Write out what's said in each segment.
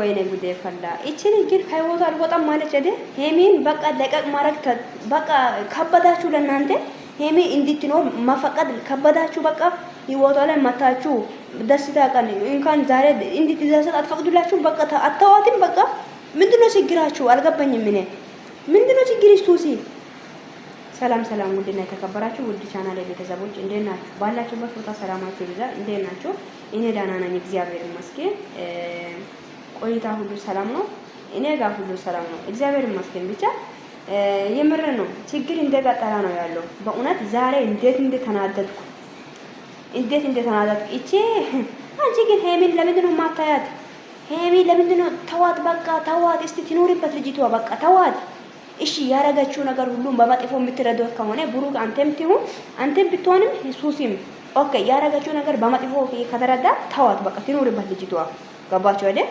ወይኔ ጉዴ ፈላ። እቺን ግን ከህይወቱ አልወጣም ማለት ሄደ። ሄሚን በቃ ለቀቅ ማድረግ በቃ ከበዳችሁ፣ ለእናንተ ሄሜ እንድትኖር መፈቀድ ከበዳችሁ። በቃ ህይወቷ ላይ መታችሁ ደስታ ቀን እንኳን ዛሬ እንድትደሰት አትፈቅዱላችሁ። በቃ አታዋትም። በቃ ምንድነው ችግራችሁ? አልገባኝም እኔ ምንድነው ችግር ሱሲ ሰላም ሰላም፣ ውድና የተከበራችሁ ውድ ቻናል ቤተሰቦች እንዴት ናችሁ? ባላችሁበት ቦታ ሰላማችሁ ይብዛ። እንዴት ናችሁ? እኔ ደህና ነኝ፣ እግዚአብሔር ይመስገን። ቆይታ ሁሉ ሰላም ነው። እኔ ጋር ሁሉ ሰላም ነው፣ እግዚአብሔር ይመስገን። ብቻ የምር ነው ችግር እንደቀጠለ ነው ያለው። በእውነት ዛሬ እንዴት እንደተናደድኩ እንዴት እንደተናደድኩ። እቺ አንቺ ግን ሄሚን ለምንድን ነው ማታያት? ሄሚ ለምንድን ነው ተዋት፣ በቃ ተዋት፣ እስቲ ትኖሪበት ልጅቷ፣ በቃ ተዋት። እሺ ያረጋችሁ ነገር ሁሉም በመጥፎ የምትረዱት ከሆነ ብሩክ አንተም ትሁን አንተም ብትሆንም ሱሲም ኦኬ፣ ያረጋችሁ ነገር በመጥፎ ከተረዳ ተዋት፣ በቃ ትኖሪበት ልጅቷ። ገባችሁ አይደል?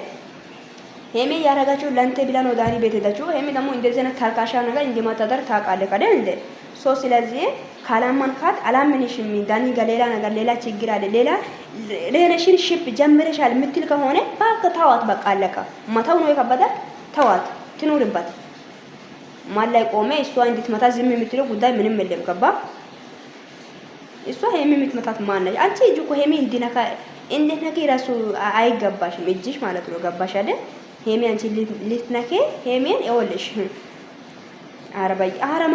ሄሜ ያረጋችሁ ለአንተ ብላ ነው ዳኒ ቤት ሄዳችሁ። ሄሜ ደግሞ እንደዚህ አይነት ካልካሻ ነገር እንደማታደር ታውቃለህ አይደል እንዴ? ሶ ስለዚህ ካላመንካት አላምንሽም ዳኒ ጋር ሌላ ነገር ሌላ ችግር አለ ሌላ ሪሌሽንሽፕ ጀምረሻል የምትል ከሆነ ባክ ተዋት። በቃ አለቀ። መተው ነው የከበዳት። ተዋት፣ ትኑርበት። ማን ላይ ቆመ እሷ እንድትመታ ዝም የምትለው ጉዳይ ምንም የለም። ገባ እሷ ሄሜ የምትመታት ማነች? አንቺ እጅ እኮ ሄሜ እንዲነካ እንዴት እንደነካ ራሱ አይገባሽም እጅሽ ማለት ነው። ገባሽ አይደል? ሄሜ አንቺ ልትነኬ ሄሜን ይኸውልሽ አረ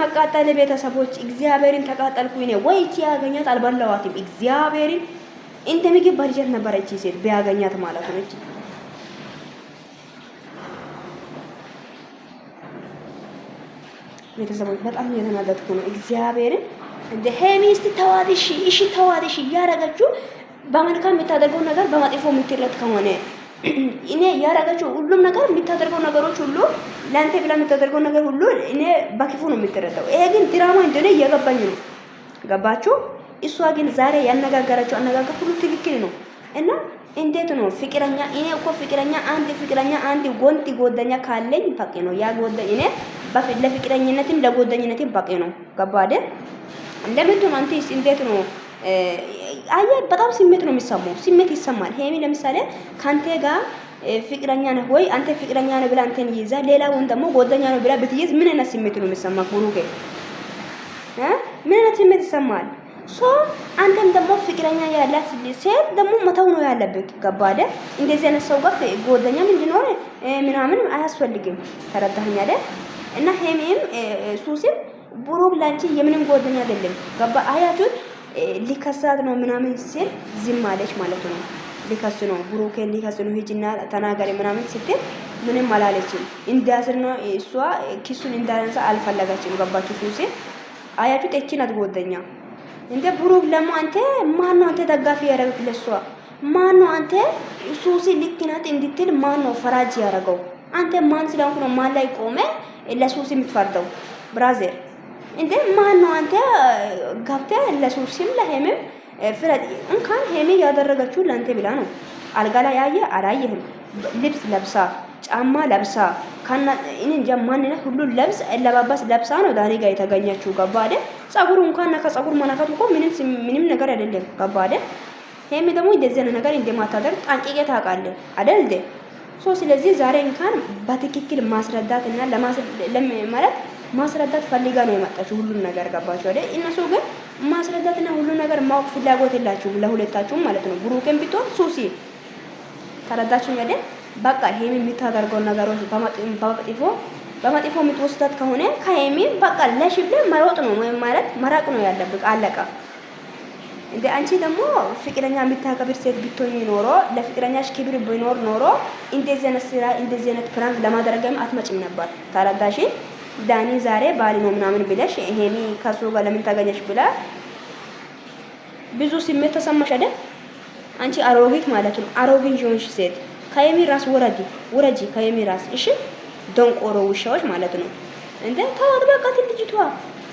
መቃጠል ቤተሰቦች እግዚአብሔርን ተቃጠልኩ ነው ወይ እቺ ያገኛት አልበላዋትም። እግዚአብሔርን እንደ ምግብ እቺ ሴት ቢያገኛት ማለት ነው። እቺ ቤተሰቦች በጣም እየተናደድኩ ነው። እግዚአብሔርን እንደ እስቲ እሺ በመልካም የምታደርገው ነገር በመጥፎ የምትለት ከሆነ እኔ ያረጋቸው ሁሉም ነገር የምታደርገው ነገሮች ሁሉ ለአንተ ብላ የምታደርገው ነገር ሁሉ እኔ በክፉ ነው የምትረዳው። ይሄ ግን ድራማ እንደሆነ እየገባኝ ነው። ገባችሁ? እሷ ግን ዛሬ ያነጋገራቸው አነጋገር ሁሉ ትክክል ነው እና እንዴት ነው ፍቅረኛ? እኔ እኮ ፍቅረኛ አንድ ፍቅረኛ አንድ ጎንድ ጎደኛ ካለኝ በቂ ነው። ያ ጎደ እኔ ለፍቅረኝነትም ለጎደኝነትም በቂ ነው። ገባ አይደል? አንተ እንዴት ነው አየ በጣም ስሜት ነው የሚሰማው። ስሜት ይሰማል። ሄሚ ለምሳሌ ካንቴ ጋር ፍቅረኛ ነህ ወይ አንተ ፍቅረኛ ነህ ብላ አንተን ይይዛ ሌላ ወንድ ደግሞ ጓደኛ ነው ብላ ብትይዝ ምን አይነት ስሜት ነው የሚሰማ? ጉሩጌ ምን አይነት ስሜት ይሰማል? ሶ አንተም ደግሞ ፍቅረኛ ያላት ሴት ደግሞ መተው ነው ያለበት። ገባህ? እንደዚህ አይነት ሰው ጋር ጓደኛ እንዲኖር ምናምን አያስፈልግም። ተረዳኸኝ? እና ሄሚም ሱሲም ቡሩክ ላንቺ የምንም ጓደኛ አይደለም። ገባ አያችሁት? ሊከሳት ነው ምናምን ሲል ዝም አለች ማለት ነው። ሊከሱ ነው ብሩኬን ሊከሱ ነው ሂጂና ተናገሪ ምናምን ስትል ምንም አላለችም። እንዲያስር ነው እሷ ኪሱን እንዳያነሳ አልፈለጋችም። ገባችሁ ሱሲ አያችሁ ጤችን አትጎደኛ እንደ ብሩክ ለሞ አንተ ማን ነው አንተ ደጋፊ ያደረግ ለሷ ማን ነው አንተ ሱሲ ልክ ናት እንድትል ማን ነው ፈራጅ ያደረገው አንተ ማን ስለሆንኩ ነው ማን ላይ ቆመ ለሱሲ የምትፈርደው ብራዘር እንደ ማን ነው አንተ ገብተህ ለሱስም ለሄምም ፍረድ። እንኳን ሄሜ ያደረገችው ለአንተ ብላ ነው። አልጋ ላይ ያየ አላየህም? ልብስ ለብሳ ጫማ ለብሳ ካና እኔ እንጃ ነው ሁሉ ለብስ ለባባስ ለብሳ ነው ዳኒ ጋር የተገኘችው። ገባ አይደል? ጸጉሩ እንኳን ነካ ጸጉር መናካቱ እኮ ምንም ምንም ነገር አይደለም። ገባ አይደል? ሄሜ ደግሞ እንደዚህ አይነት ነገር እንደማታደርግ ጠንቅቄ ታውቃለህ አይደል? ሶ ስለዚህ ዛሬ እንኳን በትክክል ማስረዳትና ለማስ ለማለት ማስረዳት ፈልጋ ነው የመጣችው። ሁሉን ነገር ገባችሁ አይደል? እነሱ ግን ማስረዳትና ሁሉ ነገር ማወቅ ፍላጎት የላችሁም ለሁለታችሁም ማለት ነው። ብሩክን ቢትሆን ሱሲ ተረዳችሁ አይደል? በቃ ሄሚ የምታደርገው ነገሮች በመጥፎ በመጥፎ የምትወስዳት ከሆነ ከሄሚ በቃ ለሽብለ መሮጥ ነው ወይም ማለት መራቅ ነው ያለብህ። አለቀ። እንደ አንቺ ደግሞ ፍቅረኛ የምታከብር ሴት ብትሆኝ ኖሮ ለፍቅረኛሽ ክብር ቢኖር ኖሮ እንደዚህ አይነት ስራ እንደዚህ አይነት ፕራንክ ለማድረግም አትመጭም ነበር። ተረዳሽ? ዳኒ ዛሬ ባል ነው ምናምን ብለሽ ይሄኔ ከሱ ጋር ለምን ተገኘሽ ብላ ብዙ ስሜት ተሰማሽ አይደል? አንቺ አሮጊት ማለት ነው። አሮጊት ጆንሽ ሴት ከየሚ ራስ ወረጂ ወረጂ ከየሚ ራስ እሺ፣ ደንቆሮ ውሻዎች ማለት ነው። እንደ ታወር በቃት ልጅቷ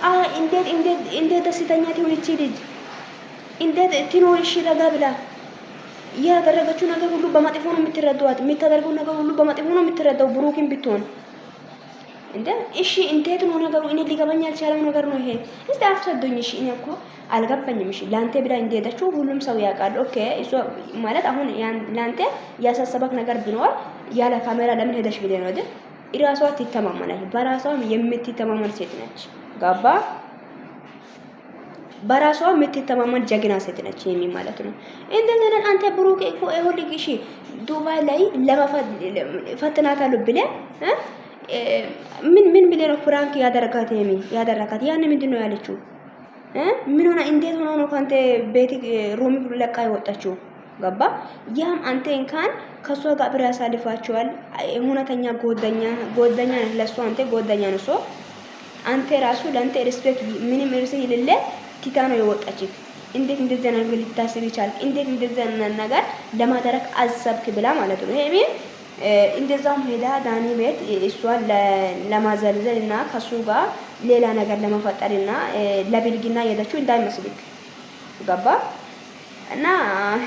አ እንዴት እንዴት እንዴት ደስተኛ ትሆን እቺ ልጅ እንዴት ትኖር? እሺ ረጋ ብላ ያደረገችው ነገር ሁሉ በመጥፎ ነው የምትረዳዋት። የምታደርገው ነገር ሁሉ በመጥፎ ነው የምትረዳው ብሩክን ብትሆን እንደ እሺ፣ እንዴት ነው ነገሩ? እኔ ሊገባኝ ያልቻለው ነገር ነው ይሄ። እስቲ አስረዱኝ። እሺ፣ እኔ እኮ አልገባኝም። እሺ፣ ላንተ ብላ እንደሄደችው ሁሉም ሰው ያውቃል። ኦኬ፣ እሱ ማለት አሁን ላንተ ያሳሰበክ ነገር ቢኖር ያለ ካሜራ ለምን ሄደሽ ብለህ ነው አይደል? እራሷ ትተማመናለች። በራሷም የምትተማመን ሴት ነች። ጋባ በራሷ የምትተማመን ጀግና ሴት ነች። የሚ ማለት ነው እንደዚህ አንተ ብሩክ እኮ ይሁን ልጅ፣ እሺ፣ ዱባይ ላይ ለመፈተናታሉ ብለህ ምን ምን ብለህ ነው ፍራንክ ያደረጋት? የሚ ያደረጋት ያን ምንድን ነው ያለችው? ምን ሆነ? እንዴት ሆኖ ነው ካንተ ቤት ሮሚ ለቃ ይወጣችሁ? ገባ ያም አንተ እንኳን ከሷ ጋር ብር ያሳልፋችኋል። እውነተኛ ጎደኛ ጎደኛ ነህ፣ ለሷ አንተ ጎደኛ ነው። ሶ አንተ ራሱ ለአንተ ሪስፔክት ምንም ርስ ይልለ ቲታ ነው የወጣች። እንዴት እንደዚህ ነገር ልታስብ ይቻል? እንዴት እንደዚህ ነገር ለማድረግ አሰብክ ብላ ማለት ነው ይሄ እንደዛም ሄዳ ዳኒ ቤት እሷን ለማዘልዘል እና ከሱ ጋር ሌላ ነገር ለመፈጠር እና ለብልግና የሄደችው እንዳይመስልክ ገባ እና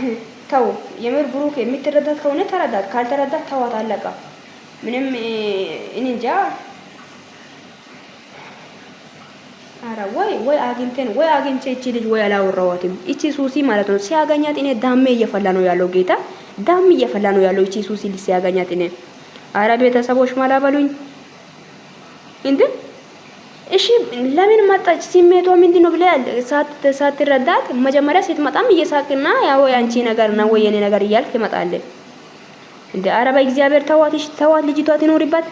ተው የምር ብሩክ የምትረዳት ከሆነ ተረዳት፣ ካልተረዳት ተዋት፣ አለቃ ምንም እኔ እንጃ። አረ ወይ ወይ አግኝተን ወይ አግኝቼ እቺ ልጅ ወይ አላወራኋትም። እቺ ሱሲ ማለት ነው ሲያገኛት እኔ ዳሜ እየፈላ ነው ያለው ጌታ ዳም እየፈላ ነው ያለው። እቺ ሱሲ ሊስ ያገኛት እኔ አረ ቤተሰቦች ማላበሉኝ በሉኝ እንዴ! እሺ ለምን መጣች? ስሜቷ ምንድን ነው ብለህ ረዳት መጀመሪያ ሴት መጣም እየሳቅና ያው ያንቺ ነገር ነው ወይ የኔ ነገር እያልክ ይመጣል እንዴ! አረ በእግዚአብሔር ተዋት፣ እሺ ተዋት፣ ልጅቷ ትኖርባት።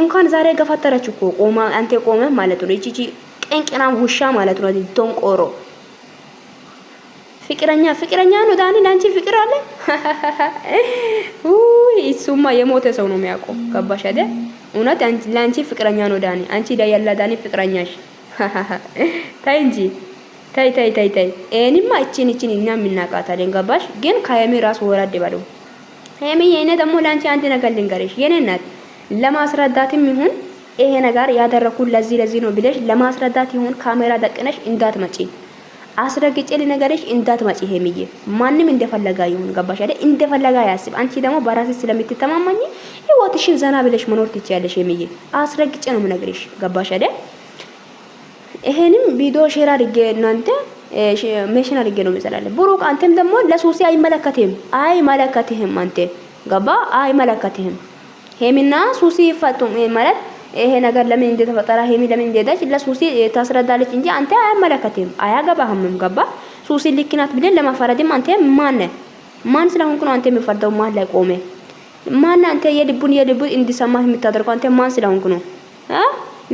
እንኳን ዛሬ ገፋተረች እኮ ቆማ፣ አንተ ቆመ ማለት ነው። እቺ እቺ ቅንቅናም ውሻ ማለት ነው። ቆሮ ፍቅረኛ ፍቅረኛ ነው ዳኒ፣ ላንቺ ፍቅር አለ። ውይ እሱማ የሞተ ሰው ነው የሚያውቀው። ገባሽ አይደል? እውነት ላንቺ ፍቅረኛ ነው ዳኒ። አንቺ ላይ ያላ ዳኒ ፍቅረኛሽ። ታይ እንጂ ታይ ታይ ታይ ታይ። እኔማ እቺን እቺን እኛ የምናቃታለን። ገባሽ? ግን ከየሚ ራስ ወራድ ባለው የሚ የኔ ደግሞ ላንቺ አንድ ነገር ልንገርሽ የኔ እናት፣ ለማስረዳትም ይሁን ይሄ ነገር ያደረኩት ለዚህ ለዚህ ነው ብለሽ ለማስረዳት ይሁን ካሜራ ደቅነሽ እንዳትመጪ አስረግጬ ልነገርሽ እንዳትመጪ ሄሚዬ፣ ማንም እንደፈለጋ ይሁን፣ ገባሽ አይደል? እንደፈለጋ ያስብ። አንቺ ደግሞ በራስሽ ስለምትተማመኝ ህይወትሽን ዘና ብለሽ መኖር ትችያለሽ ሄሚዬ። አስረግጬ ነው የምነግርሽ፣ ገባሽ አይደል? ይሄንም ቪዲዮ ሼር አድርጌ እናንተ ሜሽን አድርጌ ነው የምሰራለን። ብሩክ አንተም ደግሞ ለሱሲ አይመለከትህም፣ አይመለከትህም። አንተ ገባ አይመለከትህም። ሄሚና ሶሲ ይፋቱ ማለት ይሄ ነገር ለምን እንደተፈጠረ ሄሚ ለምን እንደሄደች ለሱሲ ታስረዳለች እንጂ አንተ አያመለከትም፣ አያገባህም። ገባ ሱሲ ልክ ናት ብለን ለማፈረድም አንተ ማን ማን ስለሆንክ ነው አንተ የሚፈርደው? ማን ላይ ቆመ? ማን አንተ የልቡን የልቡ እንዲሰማ የምታደርገው አንተ ማን ስለሆንክ ነው?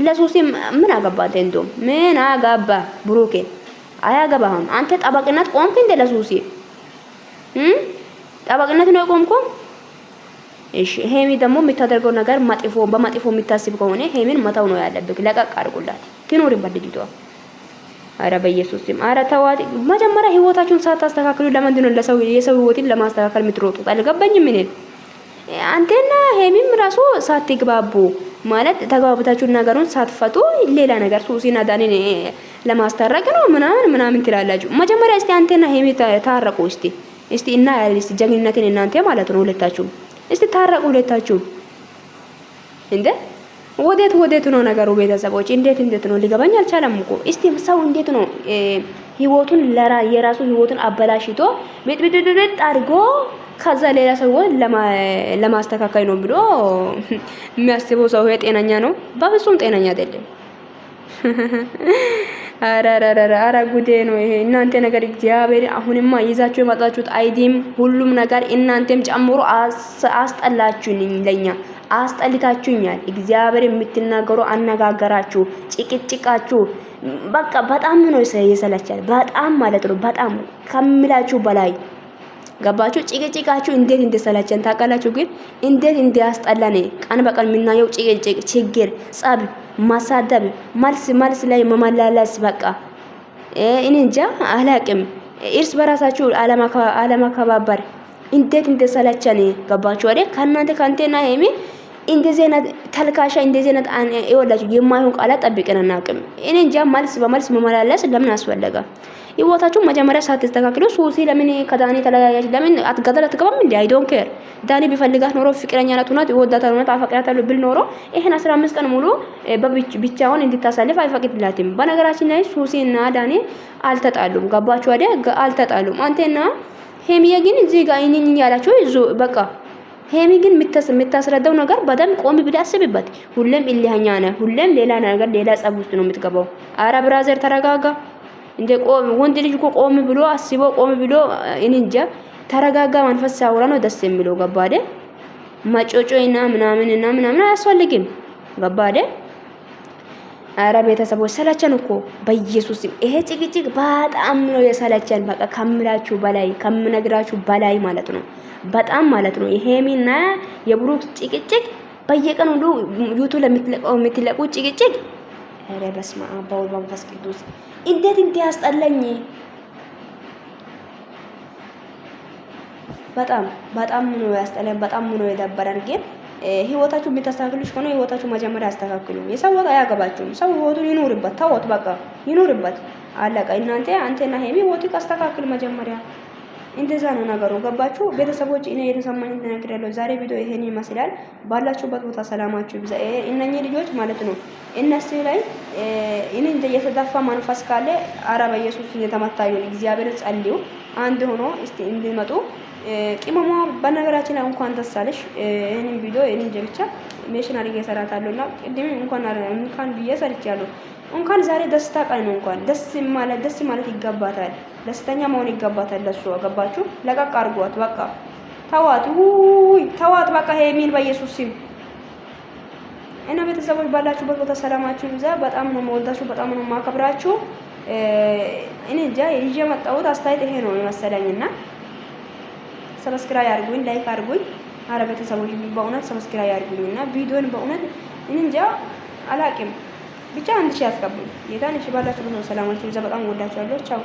ለሱሲ ምን አገባ? አንተ እንደውም ምን አገባ? ብሩኬ አያገባህም። አንተ ጠበቅነት ቆምክ እንደ ለሱሲ ጠበቅነት ነው የቆምኩ እሺ ሄሚ ደግሞ የምታደርገው ነገር መጥፎ በመጥፎ የሚታስብ ከሆነ ሄሚን መተው ነው ያለብክ። ለቀቅ አድርጉላት ትኖርበት ልጅቷ። አረ በኢየሱስ ስም አረ ተዋት። መጀመሪያ ህይወታችሁን ሳታስተካክሉ ለምንድን ነው ለሰው የሰው ህይወትን ለማስተካከል የምትሮጡት? አልገባኝም። ምን አንተና ሄሚም ራሱ ሳትግባቡ ማለት ተግባብታችሁ ነገሩን ሳትፈቱ ሌላ ነገር ሱሲና ዳኒን ለማስታረቅ ነው ምናምን ምናምን ትላላችሁ። መጀመሪያ እስቲ አንተና ሄሚ ታረቁ እስቲ እስቲ እና ያለ እስቲ ጀግንነትን እናንተ ማለት ነው ሁለታችሁም እስቲ ታረቁ ሁለታችሁ። እንደ ወዴት ወዴት ነው ነገሩ? ቤተሰቦች እንዴት እንዴት ነው ሊገባኝ አልቻለም እኮ። እስቲ ሰው እንዴት ነው ህይወቱን ለራ የራሱ ህይወቱን አበላሽቶ ምጥምጥምጥ አድርጎ ከዛ ሌላ ሰው ለማስተካከል ነው ብሎ የሚያስበው ሰው ጤነኛ ነው? በፍጹም ጤነኛ አይደለም። አረረረረ ጉዴ ነው ይሄ እናንተ ነገር እግዚአብሔር አሁንማ ይዛችሁ የመጣችሁት አይዲም ሁሉም ነገር እናንተም ጨምሮ አስጠላችሁኝ፣ ለኛ አስጠልታችሁኛል። እግዚአብሔር የምትናገሩ አነጋገራችሁ፣ ጭቅጭቃችሁ በቃ በጣም ነው የሰለቻል። በጣም ማለት ነው በጣም ከምላችሁ በላይ ገባችሁ? ጭቅጭቃችሁ እንዴት እንደሰላቸን ታውቃላችሁ። ግን እንዴት እንዲያስጠላን ቀን በቀን የምናየው ጭቅጭቅ፣ ችግር፣ ጸብ፣ ማሳደብ፣ መልስ መልስ ላይ መመላለስ በቃ እኔ እንጃ አላቅም። እርስ በራሳችሁ አለመከባበር እንዴት እንደሰላቸን ገባችሁ? ወደ ከእናንተ ከንቴና ሄሜ እንደዚህ አይነት ተልካሻ እንደዚህ አይነት የማይሆን ቃላት ጠብቀን አናውቅም። እኔ እንጃ መልስ በመልስ መመላለስ ለምን አስፈለገ? ህይወታችሁ መጀመሪያ ሳትስተካክሉ ሶሲ ለምን ከዳኒ ተለያያች? ለምን አትገደል አትገባም? እንዴ? አይ ዶንት ኬር ዳኒ ቢፈልጋት ኖሮ ፍቅረኛ ናት ሆናት ወዳታ ሆናት አፈቅራታለሁ ብል ኖሮ ይሄን 15 ቀን ሙሉ ብቻውን እንድታሳልፍ አይፈቅድላትም። በነገራችን ላይ ሶሲ እና ዳኒ አልተጣሉም። ገባችሁ አይደል? አልተጣሉም። አንተና ሄሚዬ ግን እዚህ ጋር እኝኝ ያላችሁ ይዙ በቃ ሄሚ ግን የምታስረዳው ነገር በደም ቆም ብለ አስብበት። ሁሌም እልህኛ ነህ፣ ሁሌም ሌላ ነገር ሌላ ጸብ ውስጥ ነው የምትገባው። አረ ብራዘር ተረጋጋ። እንደ ቆም ወንድ ልጅ እኮ ቆም ብሎ አስቦ ቆም ብሎ እንንጃ ተረጋጋ መንፈስ ሳውራ ነው ደስ የሚለው። ገባደ እና ምናምን እና ምናምን አያስፈልግም። ገባደ አረ ቤተሰቦች ሰለቸን እኮ በኢየሱስ ይሄ ጭቅጭቅ በጣም ነው የሰለቸን። በቃ ከምላችሁ በላይ ከምነግራችሁ በላይ ማለት ነው። በጣም ማለት ነው። የሄሚና የብሩክ ጭቅጭቅ በየቀኑ ሁሉ ዩቱብ ለምትለቀው የምትለቁት ጭቅጭቅ ኧረ በስመ አብ በወልድ በመንፈስ ቅዱስ እንዴት እንዲህ አስጠላኝ። በጣም በጣም ነው ያስጠላኝ። በጣም ነው የደበረን። ግን ህይወታችሁ የምታስተካክሉሽ ከሆነ ህይወታችሁ መጀመሪያ አስተካክሉ። የሰው ወጥ አያገባችሁም። ሰው ህይወቱን ይኖርበት፣ ተወት፣ በቃ ይኖርበት፣ አለቀ። እናንተ አንተና ሄሚ ህይወት አስተካክል መጀመሪያ እንደዛ ነው ነገሩ። ገባችሁ ቤተሰቦች? እኔ የተሰማኝ ያለው ዛሬ ቪዲዮ ይሄን ይመስላል። ባላችሁበት ቦታ ሰላማችሁ ይብዛ። እነኚህ ልጆች ማለት ነው እነሱ ላይ እኔ የተዳፋ መንፈስ ካለ አረበ በኢየሱስ እየተመታዩን እግዚአብሔር ጸልዩ፣ አንድ ሆኖ እስቲ እንዲመጡ ቅመሟ በነገራችን ላይ እንኳን ደስ አለሽ። ይህንን ቪዲዮ ይህንን ጀብቻ ሜሽን አድርጌ እሰራታለሁ እና ቅድም እንኳን እንኳን ብዬ ሰርቻለሁ። እንኳን ዛሬ ደስታ ቀን ነው። እንኳን ደስ ማለት ደስ ማለት ይገባታል። ደስተኛ መሆን ይገባታል። ለሱ ገባችሁ? ለቀቅ አድርጓት። በቃ ተዋት፣ ውይ ተዋት። በቃ ይሄ የሚል በኢየሱስ ሲም እና ቤተሰቦች ባላችሁበት ቦታ ሰላማችሁ ይብዛ። በጣም ነው የምወዳችሁ፣ በጣም ነው ማከብራችሁ። እኔ እንጃ ይዤ መጣሁት አስተያየት ይሄ ነው የመሰለኝና ሰብስክራይብ አድርጉኝ፣ ላይክ አድርጉኝ። አረ ቤተሰቦች በእውነት ሰብስክራይብ አድርጉኝና ቪዲዮን በእውነት እኔ እንጃ አላቅም ብቻ አንድ ሺህ ያስቀቡኝ። ጌታን እሺ፣ ባላችሁበት ቦታ ሰላማችሁ ይብዛ። በጣም ወዳችኋለሁ። ቻው